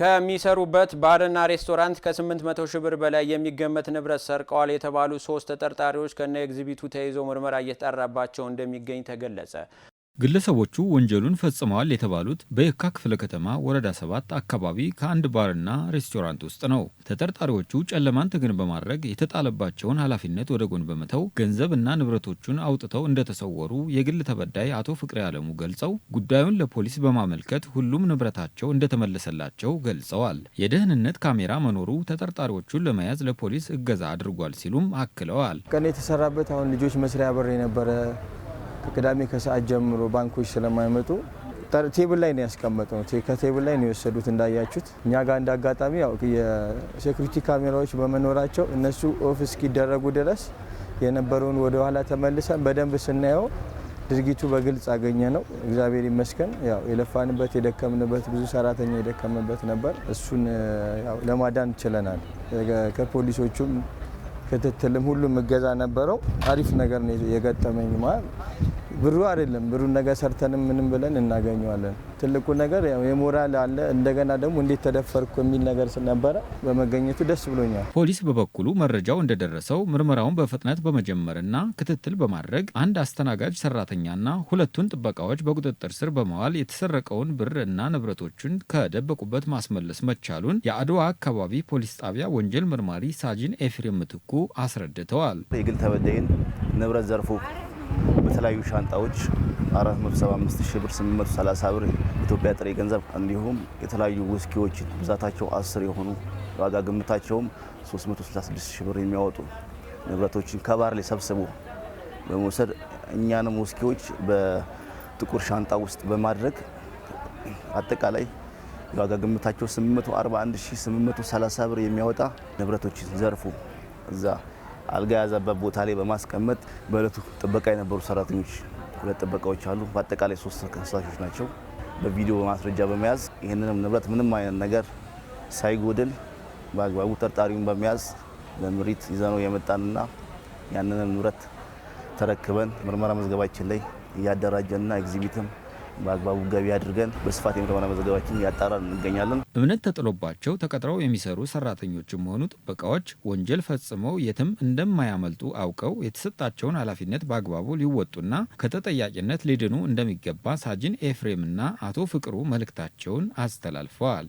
ከሚሰሩበት ባርና ሬስቶራንት ከ800 ሺህ ብር በላይ የሚገመት ንብረት ሰርቀዋል የተባሉ ሶስት ተጠርጣሪዎች ከነ ኤግዚቢቱ ተይዞ ምርመራ እየተጣራባቸው እንደሚገኝ ተገለጸ። ግለሰቦቹ ወንጀሉን ፈጽመዋል የተባሉት በየካ ክፍለ ከተማ ወረዳ ሰባት አካባቢ ከአንድ ባርና ሬስቶራንት ውስጥ ነው። ተጠርጣሪዎቹ ጨለማን ትግን በማድረግ የተጣለባቸውን ኃላፊነት ወደ ጎን በመተው ገንዘብ እና ንብረቶቹን አውጥተው እንደተሰወሩ የግል ተበዳይ አቶ ፍቅሬ አለሙ ገልጸው ጉዳዩን ለፖሊስ በማመልከት ሁሉም ንብረታቸው እንደተመለሰላቸው ገልጸዋል። የደህንነት ካሜራ መኖሩ ተጠርጣሪዎቹን ለመያዝ ለፖሊስ እገዛ አድርጓል ሲሉም አክለዋል። ቀን የተሰራበት አሁን ልጆች መስሪያ በር የነበረ ቅዳሜ ከሰዓት ጀምሮ ባንኮች ስለማይመጡ ቴብል ላይ ነው ያስቀመጥ ነው። ከቴብል ላይ ነው የወሰዱት እንዳያችሁት። እኛ ጋር እንደ አጋጣሚ ያው የሴኩሪቲ ካሜራዎች በመኖራቸው እነሱ ኦፍ እስኪደረጉ ድረስ የነበረውን ወደኋላ ተመልሰን በደንብ ስናየው ድርጊቱ በግልጽ አገኘ ነው። እግዚአብሔር ይመስገን። ያው የለፋንበት የደከምንበት ብዙ ሰራተኛ የደከምንበት ነበር። እሱን ለማዳን ችለናል። ከፖሊሶቹም ክትትልም ሁሉም እገዛ ነበረው። አሪፍ ነገር ነው የገጠመኝ ማለት ብሩ አይደለም። ብሩ ነገር ሰርተንም ምንም ብለን እናገኘዋለን። ትልቁ ነገር የሞራል አለ። እንደገና ደግሞ እንዴት ተደፈርኩ የሚል ነገር ስለነበረ በመገኘቱ ደስ ብሎኛል። ፖሊስ በበኩሉ መረጃው እንደደረሰው ምርመራውን በፍጥነት በመጀመርና ክትትል በማድረግ አንድ አስተናጋጅ ሰራተኛና ሁለቱን ጥበቃዎች በቁጥጥር ስር በመዋል የተሰረቀውን ብር እና ንብረቶቹን ከደበቁበት ማስመለስ መቻሉን የአድዋ አካባቢ ፖሊስ ጣቢያ ወንጀል ምርማሪ ሳጅን ኤፍሬም ምትኩ አስረድተዋል። የግል ተበዳይን ንብረት ዘርፉ የተለያዩ ሻንጣዎች 475 ሺህ ብር፣ 830 ብር ኢትዮጵያ ጥሬ ገንዘብ እንዲሁም የተለያዩ ውስኪዎች ብዛታቸው 10 የሆኑ ዋጋ ግምታቸውም 366 ሺህ ብር የሚያወጡ ንብረቶችን ከባር ላይ ሰብስቦ በመውሰድ እኛንም ውስኪዎች በጥቁር ሻንጣ ውስጥ በማድረግ አጠቃላይ የዋጋ ግምታቸው 841830 ብር የሚያወጣ ንብረቶችን ዘርፉ እዛ አልጋ የያዘበት ቦታ ላይ በማስቀመጥ በእለቱ ጥበቃ የነበሩ ሰራተኞች ሁለት ጥበቃዎች አሉ። በአጠቃላይ ሶስት ተከሳሾች ናቸው። በቪዲዮ በማስረጃ በመያዝ ይህንንም ንብረት ምንም አይነት ነገር ሳይጎድል በአግባቡ ጠርጣሪውን በመያዝ ለምሪት ይዘነው የመጣንና ያንንም ንብረት ተረክበን ምርመራ መዝገባችን ላይ እያደራጀንና ኤግዚቢትም በአግባቡ ገቢ አድርገን በስፋት የምርመራ መዘገባችን ያጣራን እንገኛለን። እምነት ተጥሎባቸው ተቀጥረው የሚሰሩ ሰራተኞችም ሆኑ ጥበቃዎች ወንጀል ፈጽመው የትም እንደማያመልጡ አውቀው የተሰጣቸውን ኃላፊነት በአግባቡ ሊወጡና ከተጠያቂነት ሊድኑ እንደሚገባ ሳጅን ኤፍሬምና አቶ ፍቅሩ መልእክታቸውን አስተላልፈዋል።